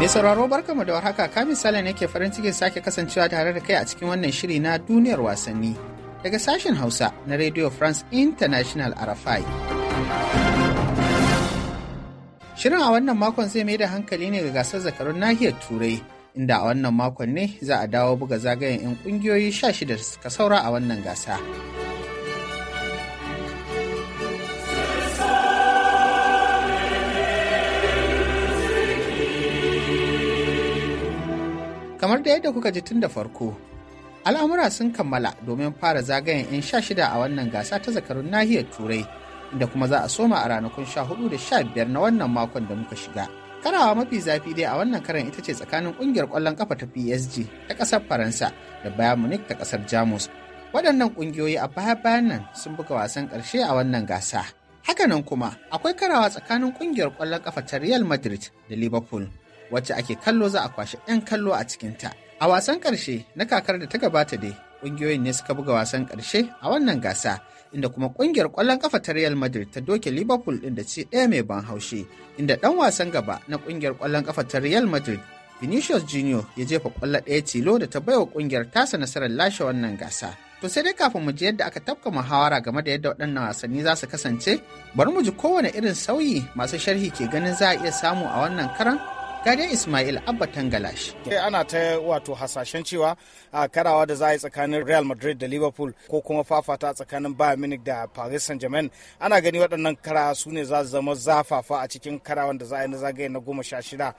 Mai sauraro barkamu da warhaka kamin sale ne ke farin cikin sake kasancewa tare da kai a cikin wannan shiri na duniyar wasanni daga sashen Hausa na Radio France International RFI. Shirin a wannan makon zai mai da hankali ne ga gasar zakarun nahiyar Turai inda a wannan makon ne za a dawo buga zagayen 'yan kungiyoyi 16 da suka saura a wannan gasa. kamar da yadda kuka ji tun da farko al'amura sun kammala domin fara zagayen 'yan sha shida a wannan gasa ta zakarun nahiyar turai da kuma za a soma a ranakun sha hudu da sha biyar na wannan makon da muka shiga karawa mafi zafi dai a wannan karan ita ce tsakanin kungiyar kwallon kafa ta psg ta kasar faransa da Bayern munich ta kasar jamus waɗannan ƙungiyoyi a baya bayan nan sun buga wasan ƙarshe a wannan gasa hakanan kuma akwai karawa tsakanin ƙungiyar kwallon ƙafa ta real madrid da liverpool wacce ake kallo za a kwashe 'yan kallo a cikinta. A wasan karshe, na kakar da ta gabata dai, ƙungiyoyin ne suka buga wasan karshe a wannan gasa, inda kuma ƙungiyar ƙwallon ƙafa ta Real Madrid ta doke Liverpool ɗin da ci ɗaya mai ban haushe inda ɗan wasan gaba na ƙungiyar ƙwallon ƙafa ta Real Madrid Vinicius Junior ya jefa ƙwallo ɗaya tilo da ta baiwa ƙungiyar tasa nasarar lashe wannan gasa. To sai dai kafin mu ji yadda aka tafka muhawara game da yadda waɗannan wasanni za su kasance, bari mu ji kowane irin sauyi masu sharhi ke ganin za a iya samu a wannan karan Gade Ismail Abba Tangalash. Eh, ana ta wato hasashen cewa a karawa da za a yi tsakanin Real Madrid da Liverpool ko kuma fafata tsakanin Bayern Munich da Paris Saint-Germain. Ana gani waɗannan kara su ne za su zama zafafa a cikin karawan da za a yi na zagaye na goma sha shida.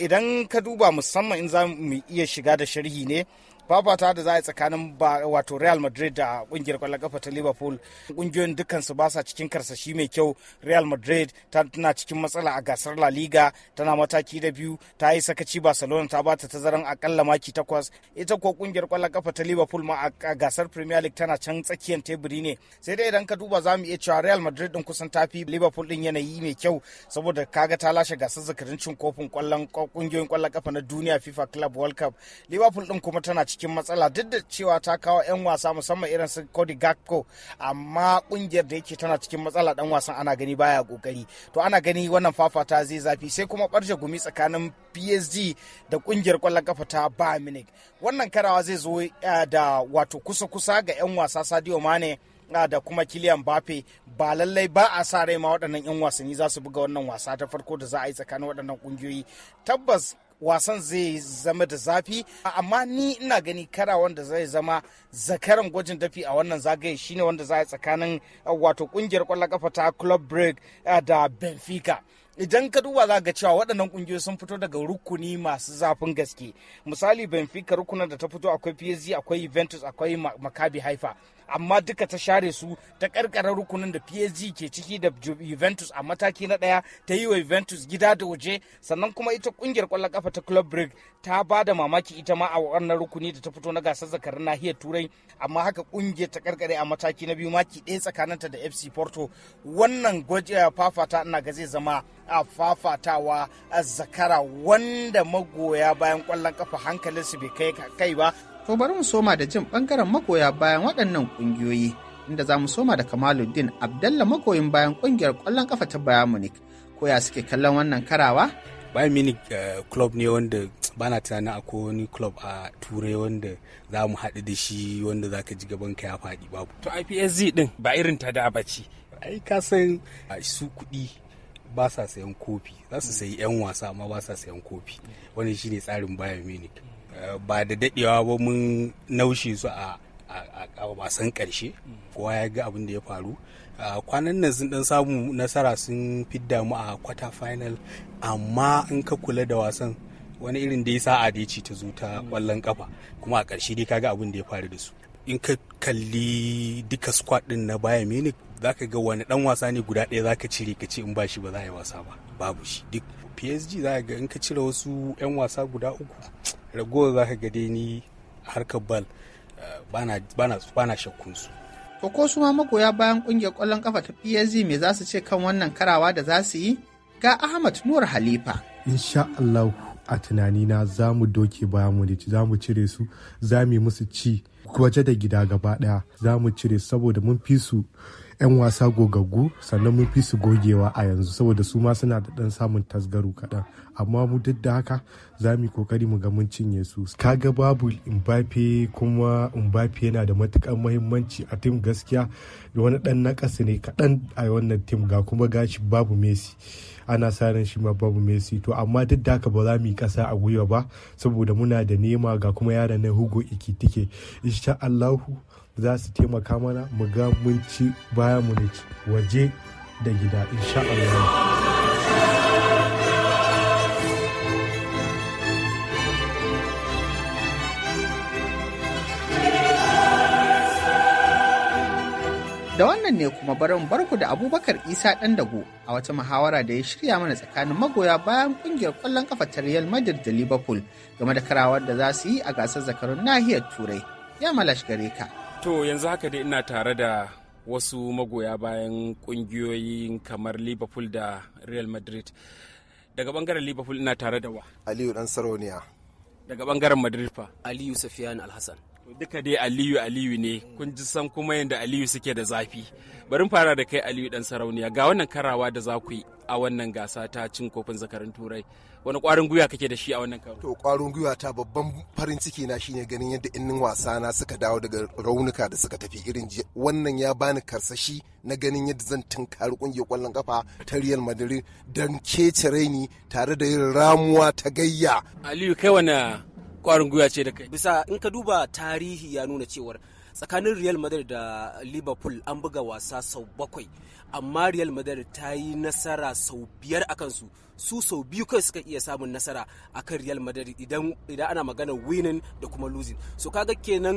Idan ka duba musamman in za mu iya shiga da sharhi ne fafata da za a yi tsakanin wato real madrid da kungiyar kwallon kafa ta liverpool kungiyoyin dukansu ba sa cikin karsashi mai kyau real madrid tana cikin matsala a gasar la liga tana mataki da biyu ta yi sakaci barcelona ta bata tazaran akalla maki takwas ita ko kungiyar kwallon kafa ta liverpool ma a gasar premier league tana can tsakiyar teburi ne sai dai idan ka duba za mu iya cewa real madrid din kusan ta fi liverpool din yanayi mai kyau saboda kaga ta lashe gasar zakarin cin kofin kwallon kungiyoyin kwallon kafa na duniya fifa club world cup liverpool din kuma tana cikin matsala duk da cewa ta kawo 'yan wasa musamman irin su Cody Gakpo amma kungiyar da yake tana cikin matsala dan wasan ana gani baya kokari to ana gani wannan fafata zai zafi sai kuma barje gumi tsakanin PSG da kungiyar kwallon kafa ta Bayern Munich wannan karawa zai zo eh, da wato kusa-kusa ga 'yan wasa Sadio Mane eh, da kuma Kiliyan Bafe ba lallai ba a sa rai ma waɗannan 'yan wasanni za su buga wannan wasa ta farko da za a yi tsakanin waɗannan ƙungiyoyi tabbas wasan zai zama da zafi amma ni ina gani kara wanda zai zama zakaran gwajin dafi a wannan zagaye shine wanda za a tsakanin uh, wato kungiyar kwallon kafa ta club break uh, da benfica idan ka duba za ga cewa waɗannan ƙungiyoyi sun fito daga rukuni masu zafin gaske misali benfica rukunin da ta fito akwai psg akwai juventus akwai makabi haifa amma duka ta share su ta karkarar rukunin da PSG ke ciki da Juventus a mataki na daya ta yi wa Juventus gida da waje sannan kuma ita kungiyar kwallon kafa ta Club Brugge ta ba da mamaki ita ma a wannan rukuni da ta fito na gasar zakarin nahiyar Turai amma haka kungiyar ta karkare a mataki na biyu maki ɗaya tsakaninta da FC Porto wannan gwajiya eh, fafata ina ga zai zama a fafatawa a zakara wanda magoya bayan kwallon kafa hankalinsu bai kai ba To bari mu soma da jin bangaren magoya bayan waɗannan ƙungiyoyi inda za mu soma da Kamaluddin Abdalla magoyin bayan ƙungiyar ƙwallon ƙafa ta Bayern Munich. Ko ya suke kallon wannan karawa? Bayan Munich eh, club ne wanda bana tunanin akwai wani club a turai wanda za mu haɗu da shi wanda za ka ji gaban ka ya faɗi babu. To IPSG ɗin ba irin ta da ba ce. Ai ka san su kuɗi ba sa sayan kofi za su sayi 'yan wasa amma ba sa sayan kofi wannan shine tsarin bayan Munich. ba da daɗewa ba mun naushe su a wasan ƙarshe. kowa ya ga abin da ya faru kwanan nan sun dan samu nasara sun fidda mu a kwata final amma in ka kula da wasan wani irin da ya sa'a da ya ta zo ta mm. ƙwallon kafa kuma a ƙarshe dai ka ga abin da ya faru da su in ka kalli duka squad din na Bayern Munich zaka ga wani dan wasa ne guda ɗaya zaka cire ka ce in ba shi ba za a yi wasa ba babu shi duk PSG za ga in ka cire wasu 'yan wasa guda uku ragowar za ka gade ni harkar bal ba na shakkun su. ko su ma magoya bayan kungiyar kwallon kafa ta PSG me za su ce kan wannan karawa da za su yi ga Ahmad Nur Halifa. Insha Allah a tunanina za mu doke bayan mu za mu cire su za mu yi musu ci waje da gida gaba daya za mu cire saboda mun fi su 'yan wasa gogaggu sannan mun fi su gogewa a yanzu saboda su ma suna da dan samun tasgaru kaɗan amma mu duk da haka za mu yi kokari mu ga mun cinye su kaga babu mbappe kuma mbappe yana da matukar muhimmanci a tim gaskiya da wani dan nakasa ne kaɗan a wannan tim ga kuma gashi babu messi ana sa ran shi ma babu messi to amma duk da haka ba za mu yi kasa a gwiwa ba saboda muna da nema ga kuma yaran na hugo ikitike insha allahu za su taimaka mana mu ga mun ci baya mu ne waje da gida insha Allah. Da wannan ne kuma barin barku da Abubakar Isa ɗan dago a wata muhawara da ya shirya mana tsakanin magoya bayan ƙungiyar ƙwallon kafa ta Real Madrid da Liverpool game da karawar da za su yi a gasar zakarun nahiyar Turai. Ya malash gare ka. To yanzu haka dai ina tare da wasu magoya bayan kungiyoyi kamar Liverpool da Real Madrid. Daga bangaren Liverpool ina tare da wa? Aliyu Dan Saroniya. Daga bangaren Madrid fa? Aliyu Safiyan Alhassan. duka dai aliyu aliyu ne kun ji san kuma yadda aliyu suke da zafi bari fara da kai aliyu dan sarauniya ga wannan karawa da za ku yi a wannan gasa ta cin kofin zakarin turai wani kwarin gwiwa kake da shi a wannan karo to kwarin gwiwa ta babban farin ciki na shine ganin yadda innin wasa na suka dawo daga raunuka da suka tafi irin jiya wannan ya bani karsashi na ganin yadda zan tunkari kungiyar kwallon kafa ta Real Madrid don kece raini tare da yin ramuwa ta gayya aliyu kai wani kwarin gwiwa ce da kai bisa in ka duba tarihi ya nuna cewar tsakanin real madrid da liverpool an buga wasa sau bakwai amma real madrid ta yi nasara sau biyar a kansu su sau biyu kai suka iya samun nasara a kan real madrid idan ana magana winning da kuma losing so kaga kenan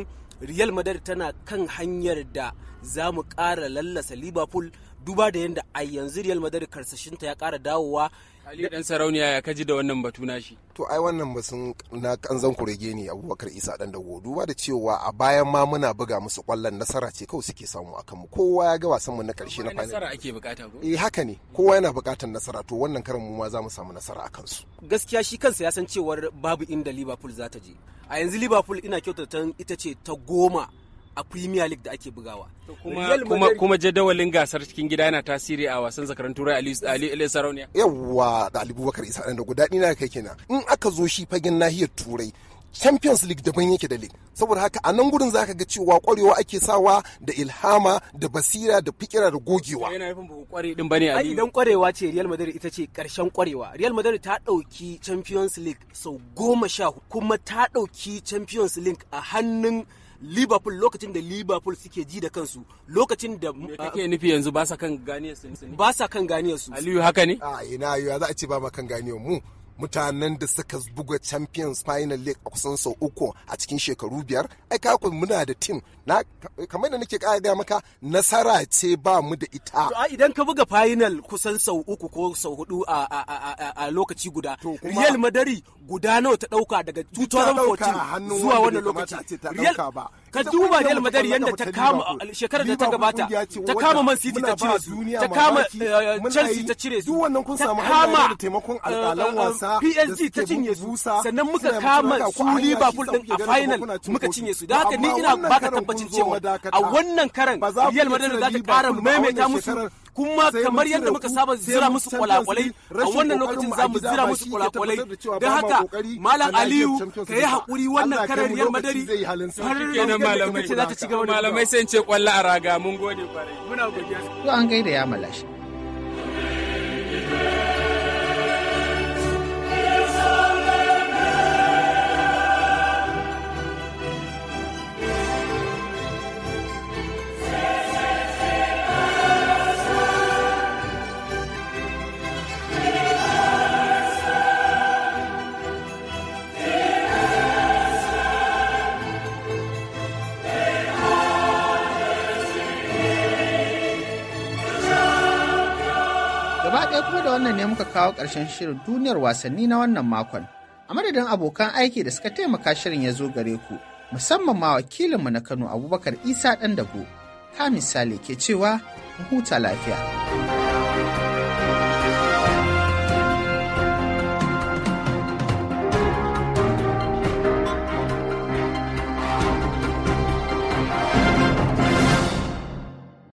real madrid tana kan hanyar da za mu ƙara lallasa liverpool duba da yadda a yanzu real madrid karsashinta ya kara dawowa ali dan sarauniya ya kaji da wannan batu nashi. To ai wannan ba sun na kanzan kurege ne Abubakar Isa dan dago duba da cewa a bayan ma muna buga musu kwallon nasara ce kawai suke samu akan mu kowa ya ga wasan mu na karshe na final. Nasara ake bukata ko? Eh haka ne kowa yana bukatar nasara to wannan karan mu ma za mu samu nasara akan su. Gaskiya shi kansa ya san cewa babu inda Liverpool za ta je. A yanzu Liverpool ina kyautata ita ce ta goma a premier league da ake bugawa kuma kuma jadawalin gasar cikin gida yana tasiri a wasan zakaran turai ali ali sarauniya yawa da bubakar isa da guda na kai kenan in aka zo shi fagen nahiyar turai champions league daban yake da league saboda haka a nan gurin zaka ga cewa kwarewa ake sawa da ilhama da basira da fikira da gogewa yana nufin ba kware din bane ali dan kwarewa ce real madrid ita ce karshen kwarewa real madrid ta dauki champions league sau goma sha kuma ta dauki champions league a hannun liverpool lokacin da liverpool suke ji da kansu lokacin da me uh, kake nufi yanzu ba sa kan ganiyar su ba sa kan ganiyar su aliyu haka ne a ah, ina yiwa za a ce ba ma kan ganiyar mu mutanen da suka buga champions final league a kusan sau uku a cikin shekaru biyar ai kakun muna da team na kamar da nake kara maka nasara ce ba mu da ita to idan ka buga final kusan sau uku ko sau hudu a lokaci guda real madari guda nawa ta dauka daga 2014 zuwa wannan lokaci real ba ka duba Real Madrid yadda ta kama uh, shekarar da ta gabata ta kama Man City ta cire su ta kama Chelsea ta cire su ta kama uh, uh, PSG ta cinye su sannan muka kama su Liverpool din a final muka cinye su don haka ni ina baka tabbacin cewa a wannan karan Real Madrid za ta kara maimaita musu kuma kamar yadda muka saba zira musu kwalakwalai a wannan lokacin za mu zira musu kwalakwalai don haka malam aliyu ka yi haƙuri wannan karariyar madari kenan malamai malamai sai ce kwallo a raga mun gode kwarai muna gode to an gaida ya malashi da wannan ne muka kawo ƙarshen shirin duniyar wasanni na wannan makon. A madadin abokan aiki da suka taimaka shirin ya zo gare ku, musamman ma wakilinmu na Kano Abubakar Isa ɗan dago, ka misali ke cewa huta lafiya.